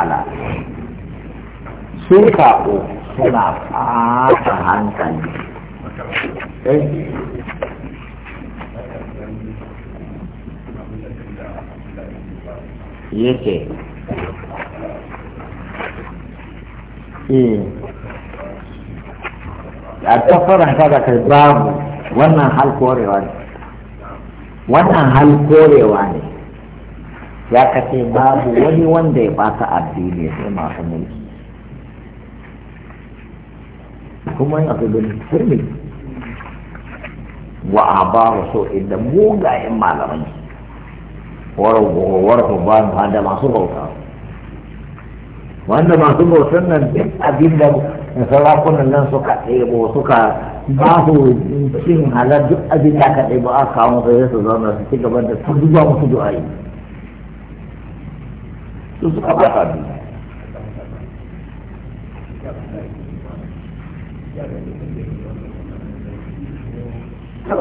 wahala su kaɓo suna fata hankali eh? yake eh. a tafaran kai babu wannan hal korewa ne wannan hal korewa ne ya kace babu wani wanda ya bata addini sai masu mulki kuma yana su gani sirri wa a ba wa so idan mugayen malamai warwar ba ba da masu bauta wanda masu bautan nan duk abin da sarakunan nan suka ɗebo suka ba su cin halar duk abin da aka ɗebo a kawo sai su zauna su ci gaba da su zuba musu du'ayi su suka fata duniya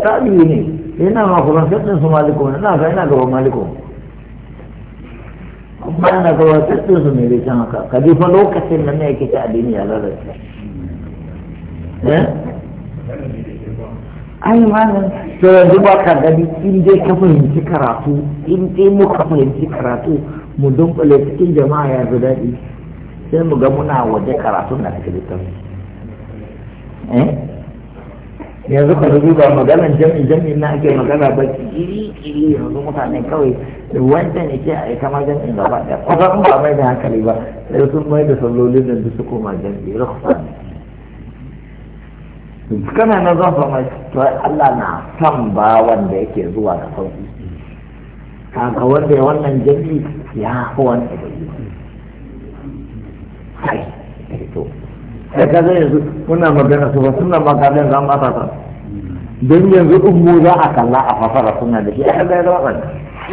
tabi'i ne yana ma furansar ɗin su maliko na ga yana gaban maliko kuma yana gaban tattin su ne bai haka ka ji fa lokacin nan ne yake ta addini ya lalace eh? ai malam to yanzu ba ka gani in dai ka fahimci karatu in dai muka fahimci karatu mu dunkule cikin jama'a ya fi daɗi sai mu ga muna waje karatun na cikin littafin eh? yanzu ka ba maganar jami jami na ake magana ba kiri kiri yanzu mutane kawai da wanda ne ke a ita ma gaba da kusa in ba mai da hankali ba sai sun mai da salloli da su koma jami rukusa ne kana na zan fama to Allah na san ba wanda yake zuwa da sauki kaga wanda ya wannan jami'i ya fi wanda bai yi hai to da ka zai yanzu muna magana su ba suna magana za mu ta don yanzu in mu za a kalla a fasara suna da shi a kalla ya zama ɗan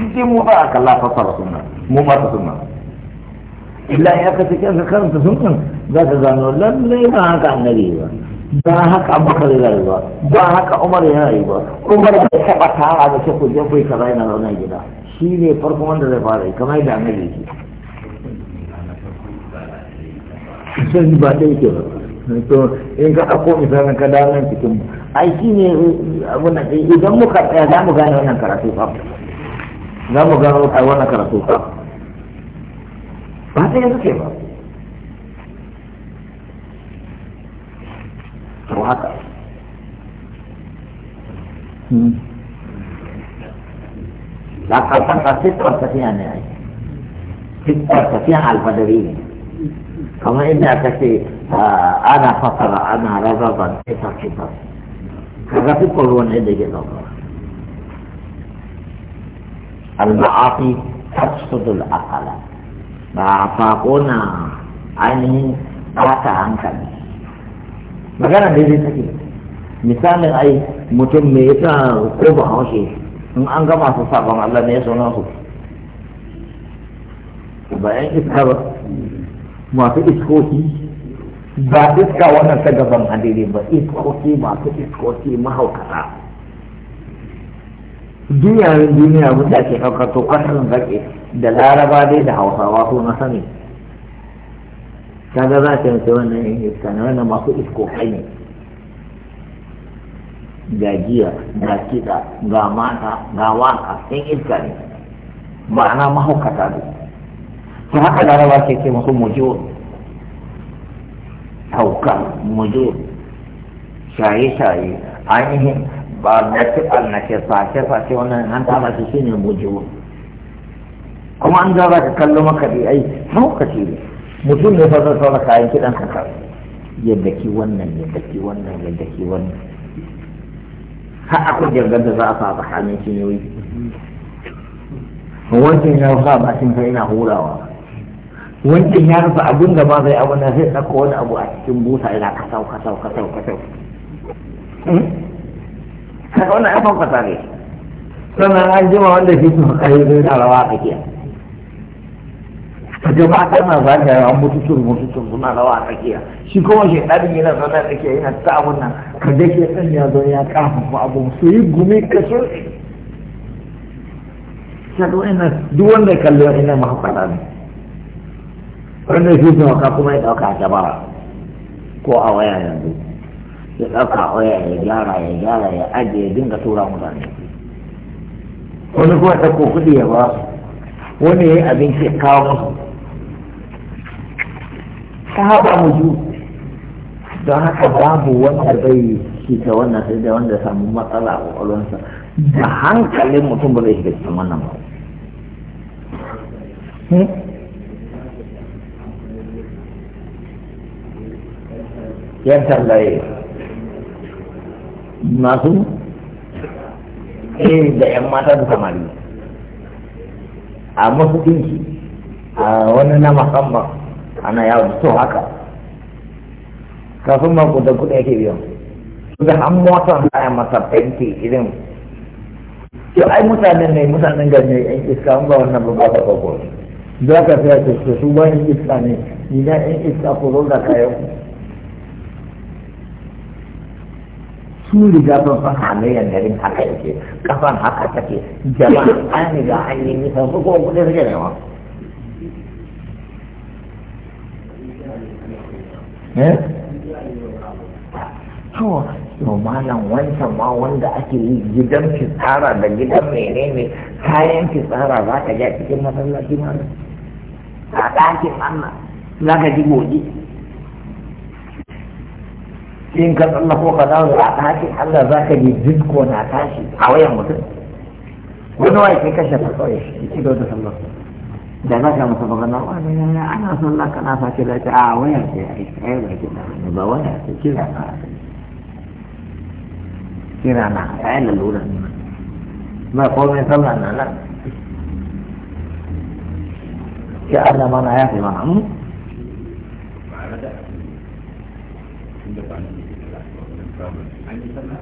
in dai mu za a kalla a fasara suna mu ba ta suna illa ya ka cikin ka karanta sunan za ka gano lallai ba haka annabi ba ba haka abubakar ya yi ba ba haka umar ya yi ba umar bai taba tara da shakku jefai ka zai na kaza gida shi ne farkon wanda zai fara yi kamar yadda annabi yake sai ba ɗaya ke ba to in ka ɗauko misalin ka cikin ai shi ne eh, eh, idan muka tsaya za mu gane wannan karatu fa za mu gano wannan karatu fa ba ɗaya suke ba to haka hmm. da ka fasa siffar tafiya ne ai siffar tafiya alfadari ne kamar inda aka ce ana fasara ana rarraban siffar siffar kaga siffar ruwan ne da ke ɗauka al-ma'afi tafsudul akala ba fako na ainihin ɓata hankali magana daidai take misalin ai mutum me yasa ko a haushe in an gama su sabon Allah ne ya suna su bayan iska ba masu iskoki ba iska wannan ta gaban hadiri ba iskoki masu iskoki mahaukata duniyar duniya wanda ake ɗaukar to ƙwasarin zaƙe da laraba dai da hausawa ko na sani kaga za ta yi wannan iska ne wannan masu iskokai ne ga ga kiɗa ga mata ga waka in iska ne ma'ana mahaukata ne ta haka laraba ke ce musu mujo hauka mujo shaye-shaye ainihin ba na ce ke sace-sace wannan an masu shi ne mujo kuma an za ka kallo maka dai ai haukaci ne mutum ne fa zai saura kayan kiɗan ka yadda ki wannan yadda ki wannan yadda ki wannan har akwai jirgar da za a sa ne cinyoyi wancan ya rufa ba cin sai yana hurawa wancan ya rufa abin da zai abu na zai ɗauko wani abu a cikin busa yana kasau kasau kasau kasau hmm? kaga wannan ya fanfasa ne sannan an jima wanda shi su kai zai da rawa a tsakiya kaje ba kana zagaya an mutu tur mutu tur suna rawa a tsakiya shi kuma shi ni yana zaune a tsakiya yana ta abun nan kaje ke san ya don ya ƙarfafa abun su yi gumi ka so shaɗu ina duk wanda kalli wa ina mahaifara ne wanda shi su hauka kuma ya ɗauka a ba ko a waya yanzu ya ɗauka a waya ya gyara ya gyara ya ajiye ya dinga tura mutane wani kuma ta ko kuɗi ya ba wani ya yi abinci ya kawo musu ta haɗa mu ju don haka babu wanda bai ta wannan sai da wanda samu matsala a ƙwaƙwalwarsa da hankalin mutum ba zai shiga cikin wannan ba hmm? yan tallaye masu eh da yan mata da samari a masu ɗinki a wani na musamman ana yawon da to haka kafin ma da kuɗi ake biyan da an motar za masa fenti irin to ai mutanen ne mutanen ganye yan iska an ba wannan ba ba ba ko za ka fiye ce su su ba yan iska ne ina yan iska ko zo da kayo su riga ba san halayyar garin haka yake kafan haka take jama'a an riga an yi nisan kowa ko kuɗi suke nema eh to to malam wancan ma wanda ake yi gidan fitsara da gidan menene kayan fitsara za ka ga cikin masallaci malam a ɗakin Allah za ka ji gobe. in ka ko ka dawo a ɗakin Allah za ka ji disko na tashi a wayan mutum wani wa ke kashe ta kawai ya ci da sallah da za ka masa babana wani yana ana son la kana sace da ta a waya ce a yi ba ke da ba waya ce kira na kira na ya yi lalura ba komai sallah na nan ke Allah mana ya fi ba mu an yi sallah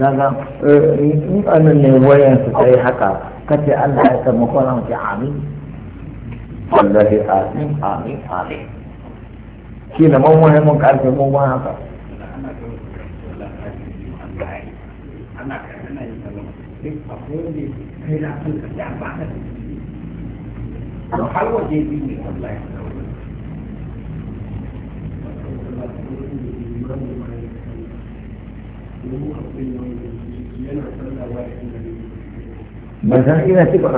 kaga eh, in anan ne wayan su kai haka kace Allah ya kama kwanan ki amin wallahi amin amin amin shi na man wani mun karfe mu ma haka har waje biyu ne wallahi ban san ina to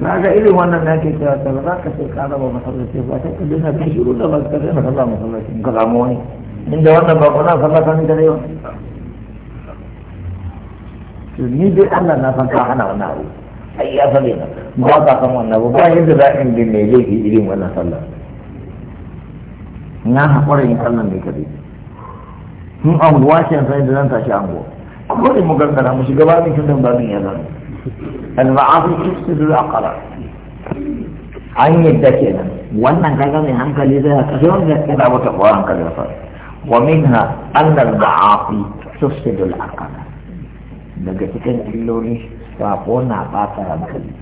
na ga irin wannan na ke cewa ta za ka sai ka raba masallaci ba sai ka dina shiru da ba ka sai masallaci in ka samu wani inda wannan ba ko na sallah to ni dai Allah na san ka hana wannan abu ai ya sani ba ka san wannan ba ba yadda za in laifi irin wannan sallah na haƙura yin sallan ne kaɗai mun anguwa ce yanzu yadda zan tashi anguwa ne mu gangara mu shiga babin kisan babin ya zama al-ma'afi su zuwa aqala an yadda kenan wannan kaga mai hankali zai haka sai wanda ya kada ta kwa hankali fa wa minha anna al-ma'afi tufsidu al-aqala daga cikin illoli sabo na ɓata hankali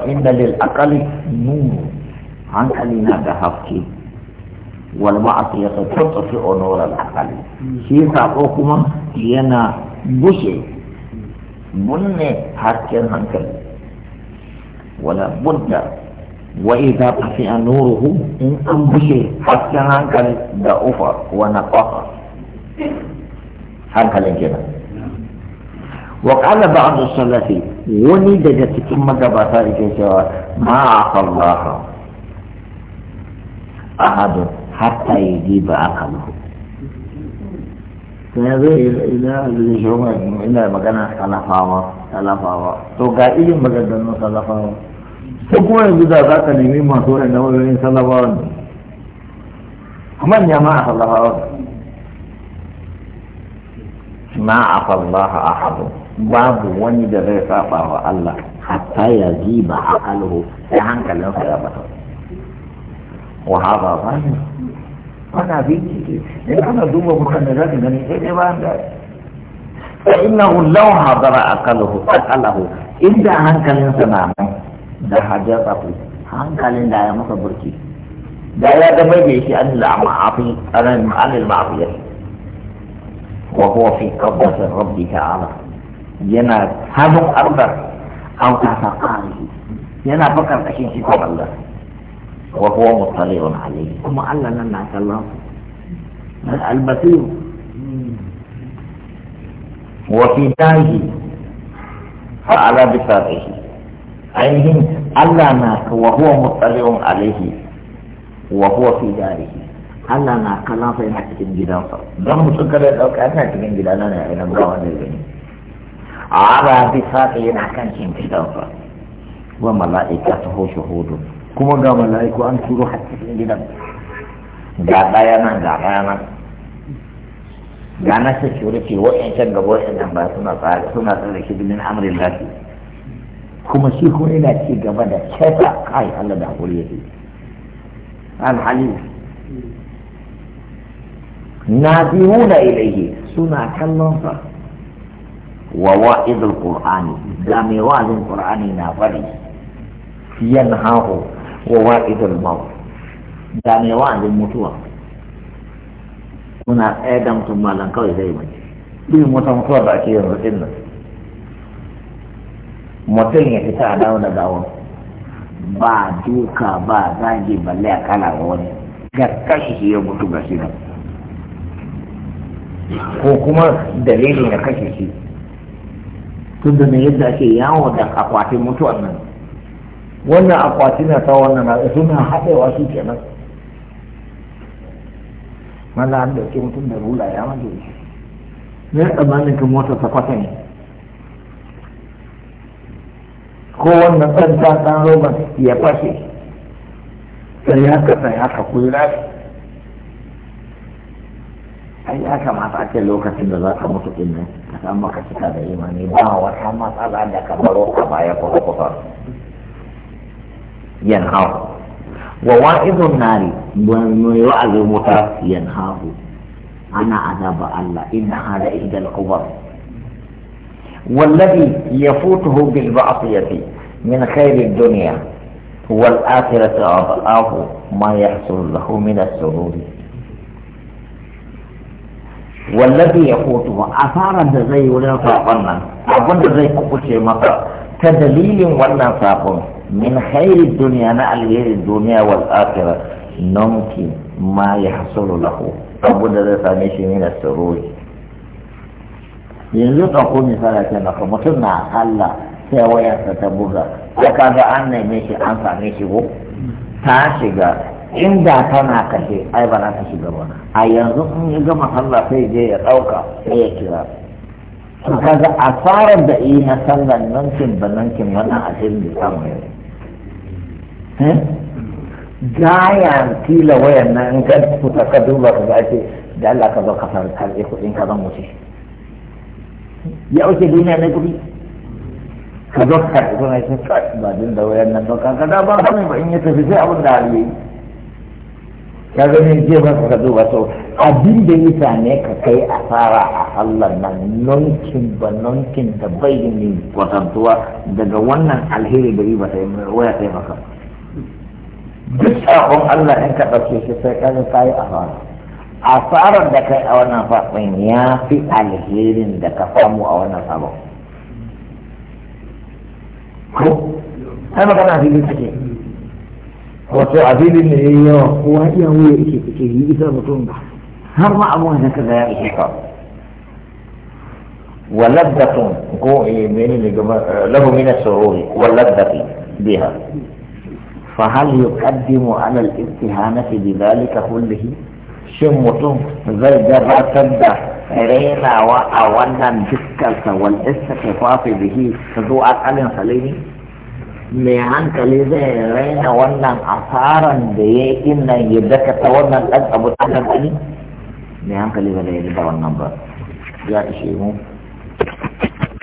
lil aqali نور hankali na da haske wal ma'asiyata fi onora al-aqal shi ko kuma yana bushe bunne hasken hankali wala budda wa idza tafi'a anuruhu in an bushe hasken hankali da ufa wa naqa hankalin kenan وقال بعض السلف ولد ثم مدبتا إكيشوا ما عصى الله أحد حتى يجيب عقله فهذا إلى الجمع إلى مكان خلفاوة خلفاوة تو قائل مكان خلفاوة تقول إذا ذاك نمي مهدور أنه يمين خلفاوة من جماعة خلفاوة ما عصى الله أحد babu wani da zai saba wa Allah hatta ya ziba a alhu sai hankalinsa ya bata wa haɓa ba ne ana bincike in ana duba mutane za ka gani sai dai bayan da fa innahu law hadara aqaluhu aqalahu inda hankalin sa na nan da hajar ku hankalin da ya masa burki da ya ga bai da shi an al-ma'afi an al-ma'afiyah wa huwa fi qabdati rabbika ala yana hannun Allah an kusa ƙari yana bakar ƙashin shi ko Allah wa huwa mutaliyun alayhi kuma Allah nan na kallon na al wa fi dahi fa ala bi sarihi ainihin Allah na wa huwa mutaliyun alayhi wa huwa fi darihi Allah na kallon sa yana cikin gidansa don mutum kada ya dauka yana cikin gidana ne a ina ba wani gani ala bisa yana kan shimfiɗansa wa mala'ika ta hoshe hudu kuma ga mala'iku an turo har cikin gidan ga ɗaya nan ga ɗaya nan ga na security can gaba wa'yancan ba suna tsare suna tsare shi bilin amrin lafi kuma shi kuma yana ci gaba da cewa kai Allah da hakuri yake alhali na biyuna ilaihi suna kallon sa wa wa'idul qur'ani da mai wa'azin qur'ani na fari Yan yanhahu wa wa'idul maut da mai wa'azin mutuwa muna tsaye da mutum malam kawai zai mai irin wata mutuwa da ake yanzu din nan mutum ya fita a dawo da dawo ba duka ba zagi balle a kala ga wani ga kashi shi ya mutu ga shi ko kuma dalilin da kashe shi tun da yadda ake yawo da akwatin mutuwan nan wannan akwati na ta wannan na suna haɗewa su kenan mana an dauke mutum da rula ya mace shi ne tsammanin kan motar ta kwata ne ko wannan ɗan ta ɗan roba ya kwashe sai ya kasa ya kakuyi lafi أي أكما فأتي لوكا سنزا كموت إنا أكما كتك هذا إيماني با وكما صلا لك بلو كما يقول قطر ينهار ووائد النار من يوعظ متى ينهار أنا عذاب الله إن هذا إحدى القبر والذي يفوته بالبعطية من خير الدنيا والآخرة أضعاف ما يحصل له من السرور wallafi ya kotu asarar da zai yi wurin saƙon nan abin da zai kukuce masa ta dalilin wannan saƙon min khairi duniya na alherin duniya wal akhirah ki ma ya hasulu lahu abu da zai same shi ne sururi yanzu ɗauko misali ke naka mutum na Allah sai wayarsa ta buga ya kaga an neme shi an same shi ko ta shiga inda tana kashe ai ba za ta shiga ba a yanzu in ya gama sallah sai je ya ɗauka sai ya kira to kaga asarar da yi na sallar nankin ba nankin wannan asirin da samu yau eh? gaya tila wayan nan in ka fita ka duba ka ga ce da Allah ka zo ka fara karɓe kuɗin ka zan wuce ya wuce duniya na kuɗi ka zo ka karɓi kuɗin ka ba din da wayan nan ba ka ga ba ba in ya tafi sai abin da yi. ka zane jiya ba ka zo ba to abin da mutane ka kai a fara a Allah nan nonkin ba nonkin da bai ne kwatantuwa daga wannan alheri da ba sai mai waya yi maka duk sakon Allah in ka ɗauke shi sai ka ka yi A fara da kai a wannan faɗin ya fi alherin da ka samu a wannan sabon ko ai magana fili take wato a filin da yayi yawa kowa iya wuya yake kake yi isa mutum ولذة من له من السرور ولذة بها فهل يقدم على الامتهانة بذلك كله شمتم زي جرى تبدا رينا وأولا ذكرت والاستخفاف به ذو أقل سليم mai hankali zai raina wannan asaran da ya yi innan ya dakata wannan ɗan abu ɗan ɗan mai hankali ba da ya da wannan ba ya ishe mu